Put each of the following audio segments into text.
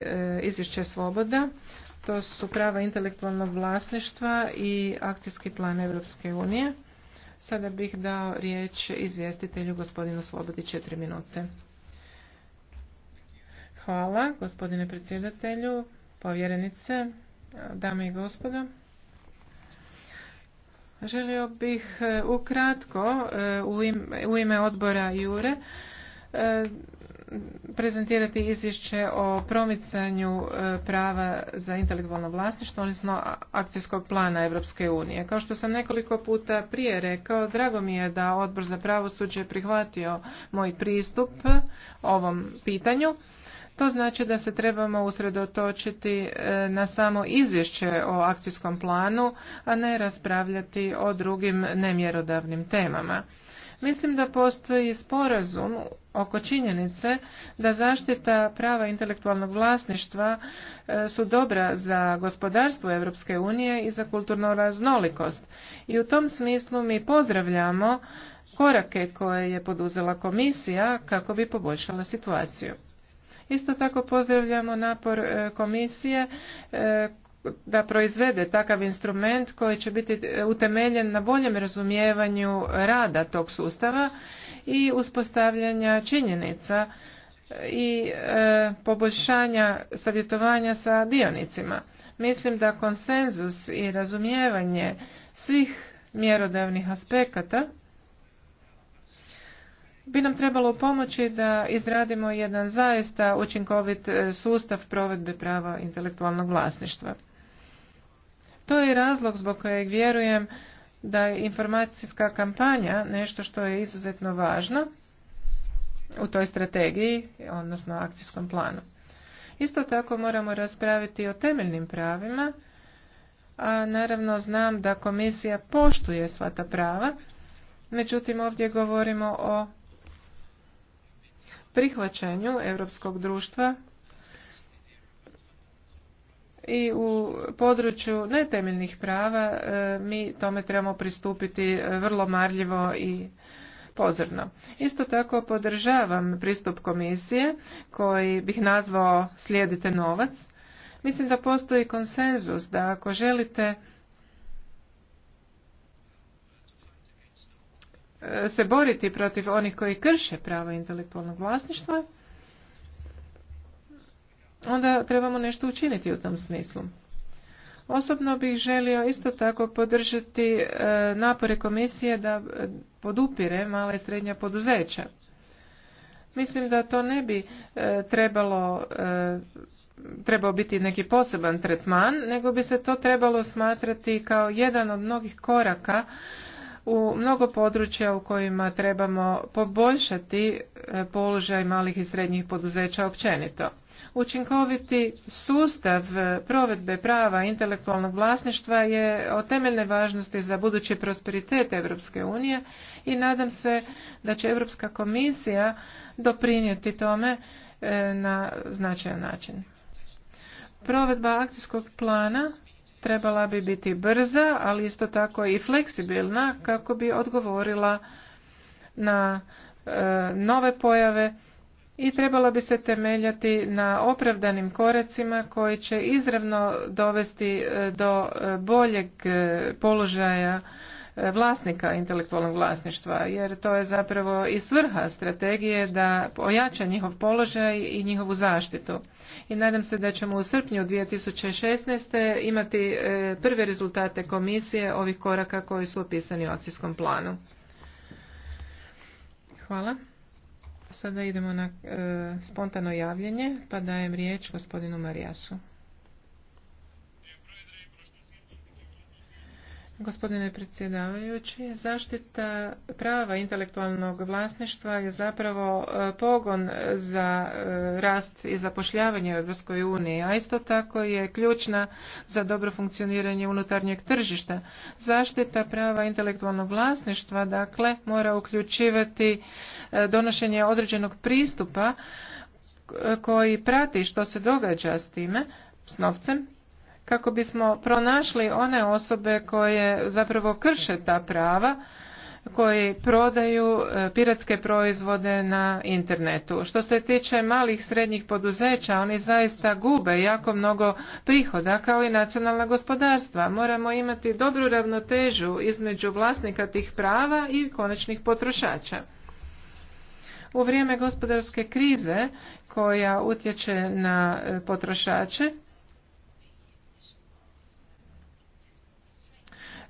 E, izvješće Svoboda. To su prava intelektualnog vlasništva i akcijski plan Europske unije. Sada bih dao riječ izvjestitelju gospodinu Slobodi četiri minute. Hvala gospodine predsjedatelju, povjerenice, dame i gospodo. Želio bih e, ukratko e, u ime odbora Jure prezentirati izvješće o promicanju e, prava za intelektualno vlasništvo, odnosno akcijskog plana Europske unije. Kao što sam nekoliko puta prije rekao, drago mi je da odbor za pravosuđe prihvatio moj pristup ovom pitanju. To znači da se trebamo usredotočiti e, na samo izvješće o akcijskom planu, a ne raspravljati o drugim nemjerodavnim temama. Mislim da postoji sporazum oko činjenice da zaštita prava intelektualnog vlasništva e, su dobra za gospodarstvo Europske unije i za kulturnu raznolikost. I u tom smislu mi pozdravljamo korake koje je poduzela komisija kako bi poboljšala situaciju. Isto tako pozdravljamo napor e, komisije e, da proizvede takav instrument koji će biti e, utemeljen na boljem razumijevanju rada tog sustava i uspostavljanja činjenica i e, poboljšanja savjetovanja sa dionicima. Mislim da konsenzus i razumijevanje svih mjerodavnih aspekata bi nam trebalo pomoći da izradimo jedan zaista učinkovit e, sustav provedbe prava intelektualnog vlasništva. To je razlog zbog kojeg vjerujem da je informacijska kampanja nešto što je izuzetno važno u toj strategiji, odnosno akcijskom planu. Isto tako moramo raspraviti o temeljnim pravima, a naravno znam da komisija poštuje sva ta prava, međutim ovdje govorimo o prihvaćanju europskog društva i u području netemeljnih prava e, mi tome trebamo pristupiti e, vrlo marljivo i pozorno. Isto tako podržavam pristup komisije koji bih nazvao slijedite novac. Mislim da postoji konsenzus da ako želite e, se boriti protiv onih koji krše pravo intelektualnog vlasništva, onda trebamo nešto učiniti u tom smislu. Osobno bih želio isto tako podržati e, napore komisije da e, podupire mala i srednja poduzeća. Mislim da to ne bi e, trebalo trebao biti neki poseban tretman, nego bi se to trebalo smatrati kao jedan od mnogih koraka u mnogo područja u kojima trebamo poboljšati položaj malih i srednjih poduzeća općenito. Učinkoviti sustav provedbe prava intelektualnog vlasništva je o temeljne važnosti za budući prosperitet Europske unije i nadam se da će Europska komisija doprinijeti tome e, na značajan način. Provedba akcijskog plana trebala bi biti brza, ali isto tako i fleksibilna kako bi odgovorila na e, nove pojave i trebalo bi se temeljati na opravdanim koracima koji će izravno dovesti e, do e, boljeg e, položaja vlasnika intelektualnog vlasništva jer to je zapravo i svrha strategije da ojača njihov položaj i njihovu zaštitu. I nadam se da ćemo u srpnju 2016. imati prve rezultate komisije ovih koraka koji su opisani u akcijskom planu. Hvala. Sada idemo na e, spontano javljanje, pa dajem riječ gospodinu Marijasu. Gospodine predsjedavajući, zaštita prava intelektualnog vlasništva je zapravo e, pogon za e, rast i zapošljavanje u Europskoj uniji, a isto tako je ključna za dobro funkcioniranje unutarnjeg tržišta. Zaštita prava intelektualnog vlasništva, dakle, mora uključivati e, donošenje određenog pristupa koji prati što se događa s time, s novcem, kako bismo pronašli one osobe koje zapravo krše ta prava koji prodaju e, piratske proizvode na internetu. Što se tiče malih srednjih poduzeća, oni zaista gube jako mnogo prihoda kao i nacionalna gospodarstva. Moramo imati dobru ravnotežu između vlasnika tih prava i konačnih potrošača. U vrijeme gospodarske krize koja utječe na e, potrošače,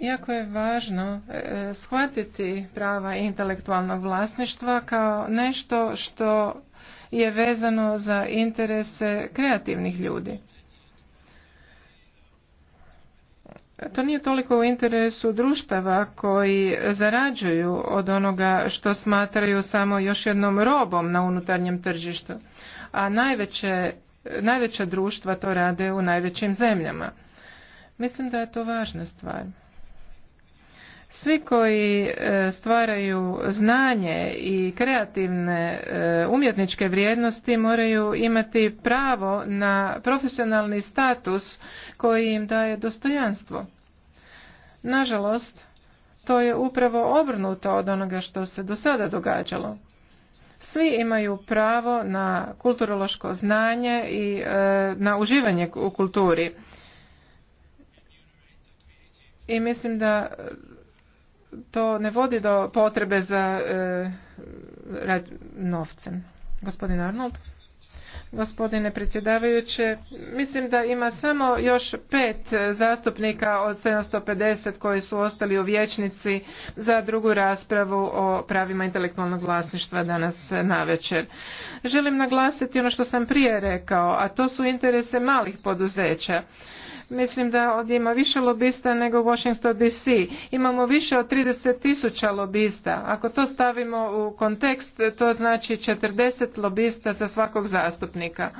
Jako je važno e, shvatiti prava intelektualnog vlasništva kao nešto što je vezano za interese kreativnih ljudi. To nije toliko u interesu društava koji zarađuju od onoga što smatraju samo još jednom robom na unutarnjem tržištu, a najveće, najveća društva to rade u najvećim zemljama. Mislim da je to važna stvar svi koji e, stvaraju znanje i kreativne e, umjetničke vrijednosti moraju imati pravo na profesionalni status koji im daje dostojanstvo. Nažalost, to je upravo obrnuto od onoga što se do sada događalo. Svi imaju pravo na kulturološko znanje i e, na uživanje u kulturi. I mislim da to ne vodi do potrebe za e, novcem. Gospodin Arnold. Gospodine predsjedavajuće, mislim da ima samo još pet zastupnika od 750 koji su ostali u vječnici za drugu raspravu o pravima intelektualnog vlasništva danas na večer. Želim naglasiti ono što sam prije rekao, a to su interese malih poduzeća. Mislim da ovdje ima više lobista nego u Washington DC. Imamo više od 30 tisuća lobista. Ako to stavimo u kontekst, to znači 40 lobista za svakog zastupnika.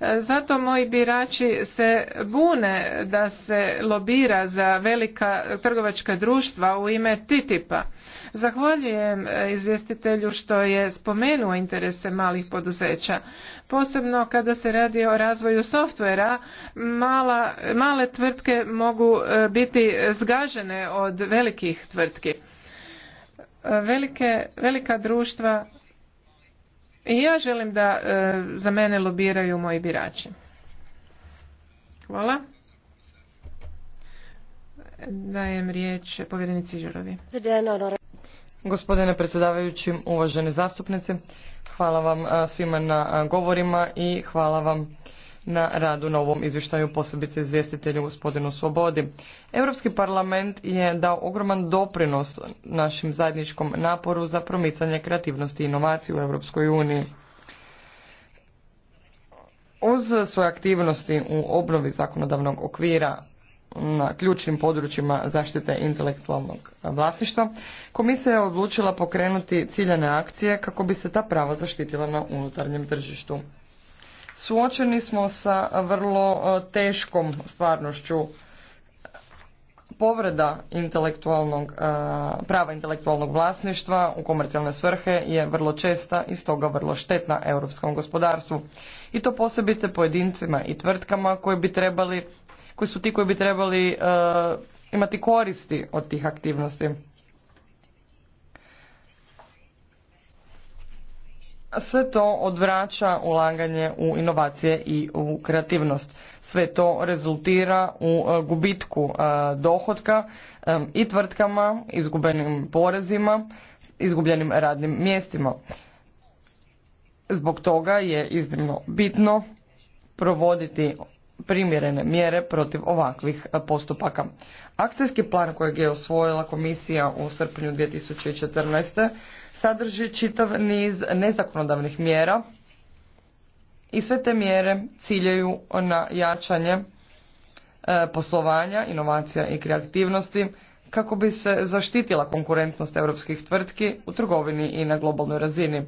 Zato moji birači se bune da se lobira za velika trgovačka društva u ime TTIP-a. Zahvaljujem e, izvjestitelju što je spomenuo interese malih poduzeća. Posebno kada se radi o razvoju softvera, male tvrtke mogu e, biti zgažene od velikih tvrtki. E, velika društva i ja želim da e, za mene lobiraju moji birači. Hvala. Dajem riječ povjerenici Žurovi. Gospodine predsjedavajući, uvažene zastupnice, hvala vam e, svima na e, govorima i hvala vam na radu na ovom izvještaju, posebice izvjestitelju gospodinu Svobodi. Europski parlament je dao ogroman doprinos našim zajedničkom naporu za promicanje kreativnosti i inovacije u Europskoj uniji. Uz svoje aktivnosti u obnovi zakonodavnog okvira na ključnim područjima zaštite intelektualnog vlasništva, komisija je odlučila pokrenuti ciljane akcije kako bi se ta prava zaštitila na unutarnjem tržištu. Suočeni smo sa vrlo e, teškom stvarnošću povreda intelektualnog, e, prava intelektualnog vlasništva u komercijalne svrhe je vrlo česta i stoga vrlo štetna europskom gospodarstvu. I to posebite pojedincima i tvrtkama koji bi trebali, koji su ti koji bi trebali e, imati koristi od tih aktivnosti. sve to odvraća ulaganje u inovacije i u kreativnost. Sve to rezultira u e, gubitku e, dohotka e, i tvrtkama, izgubenim porezima, izgubljenim radnim mjestima. Zbog toga je iznimno bitno provoditi primjerene mjere protiv ovakvih postupaka. Akcijski plan kojeg je osvojila komisija u srpnju 2014 sadrži čitav niz nezakonodavnih mjera i sve te mjere ciljaju na jačanje e, poslovanja, inovacija i kreativnosti kako bi se zaštitila konkurentnost europskih tvrtki u trgovini i na globalnoj razini,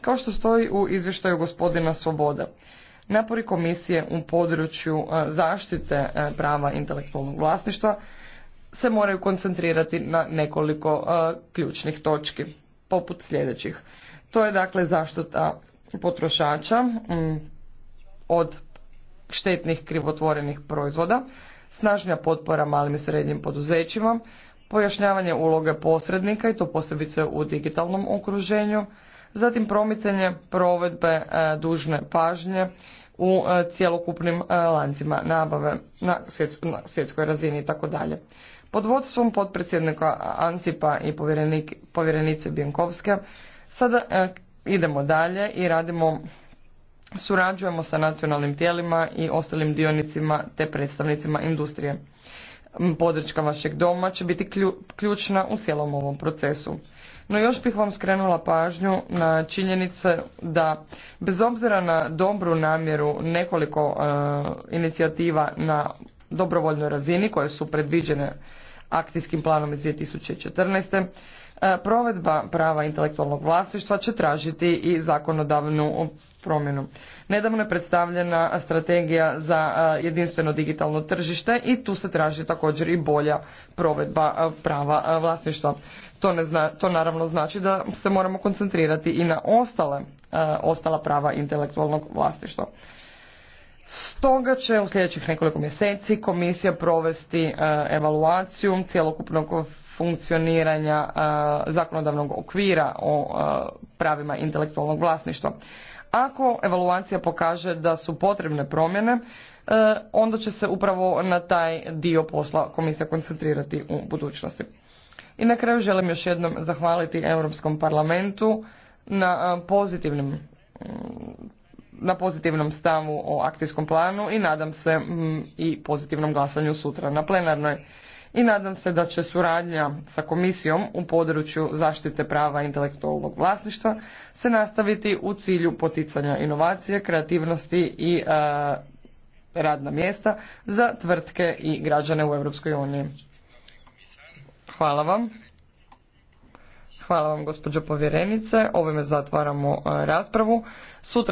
kao što stoji u izvještaju gospodina Svoboda. Napori komisije u području e, zaštite e, prava intelektualnog vlasništva se moraju koncentrirati na nekoliko ključnih točki poput sljedećih. To je dakle zaštita potrošača mm, od štetnih krivotvorenih proizvoda, snažnija potpora malim i srednjim poduzećima, pojašnjavanje uloge posrednika i to posebice u digitalnom okruženju, zatim promicanje provedbe e, dužne pažnje u e, cjelokupnim e, lancima nabave na svjetskoj razini i tako dalje. Pod vodstvom potpredsjednika Ansipa i povjerenice Bjenkovske sada e, idemo dalje i radimo surađujemo sa nacionalnim tijelima i ostalim dionicima te predstavnicima industrije. Podrška vašeg doma će biti ključna u cijelom ovom procesu. No još bih vam skrenula pažnju na činjenice da bez obzira na dobru namjeru nekoliko e, inicijativa na dobrovoljnoj razini koje su predviđene akcijskim planom iz 2014. E, provedba prava intelektualnog vlasništva će tražiti i zakonodavnu promjenu. Nedavno je predstavljena strategija za e, jedinstveno digitalno tržište i tu se traži također i bolja provedba e, prava vlasništva. To, ne zna, to naravno znači da se moramo koncentrirati i na ostale, ostala prava intelektualnog vlasništva. Stoga će u sljedećih nekoliko mjeseci komisija provesti e, evaluaciju cjelokupnog funkcioniranja e, zakonodavnog okvira o e, pravima intelektualnog vlasništva. Ako evaluacija pokaže da su potrebne promjene, onda će se upravo na taj dio posla komisija koncentrirati u budućnosti. I na kraju želim još jednom zahvaliti Europskom parlamentu na pozitivnim na pozitivnom stavu o akcijskom planu i nadam se mm, i pozitivnom glasanju sutra na plenarnoj. I nadam se da će suradnja sa komisijom u području zaštite prava intelektualnog vlasništva se nastaviti u cilju poticanja inovacije, kreativnosti i e, radna mjesta za tvrtke i građane u Europskoj uniji. Hvala vam. Hvala vam gospođo povjerenice. Ovime zatvaramo e, raspravu. Sutra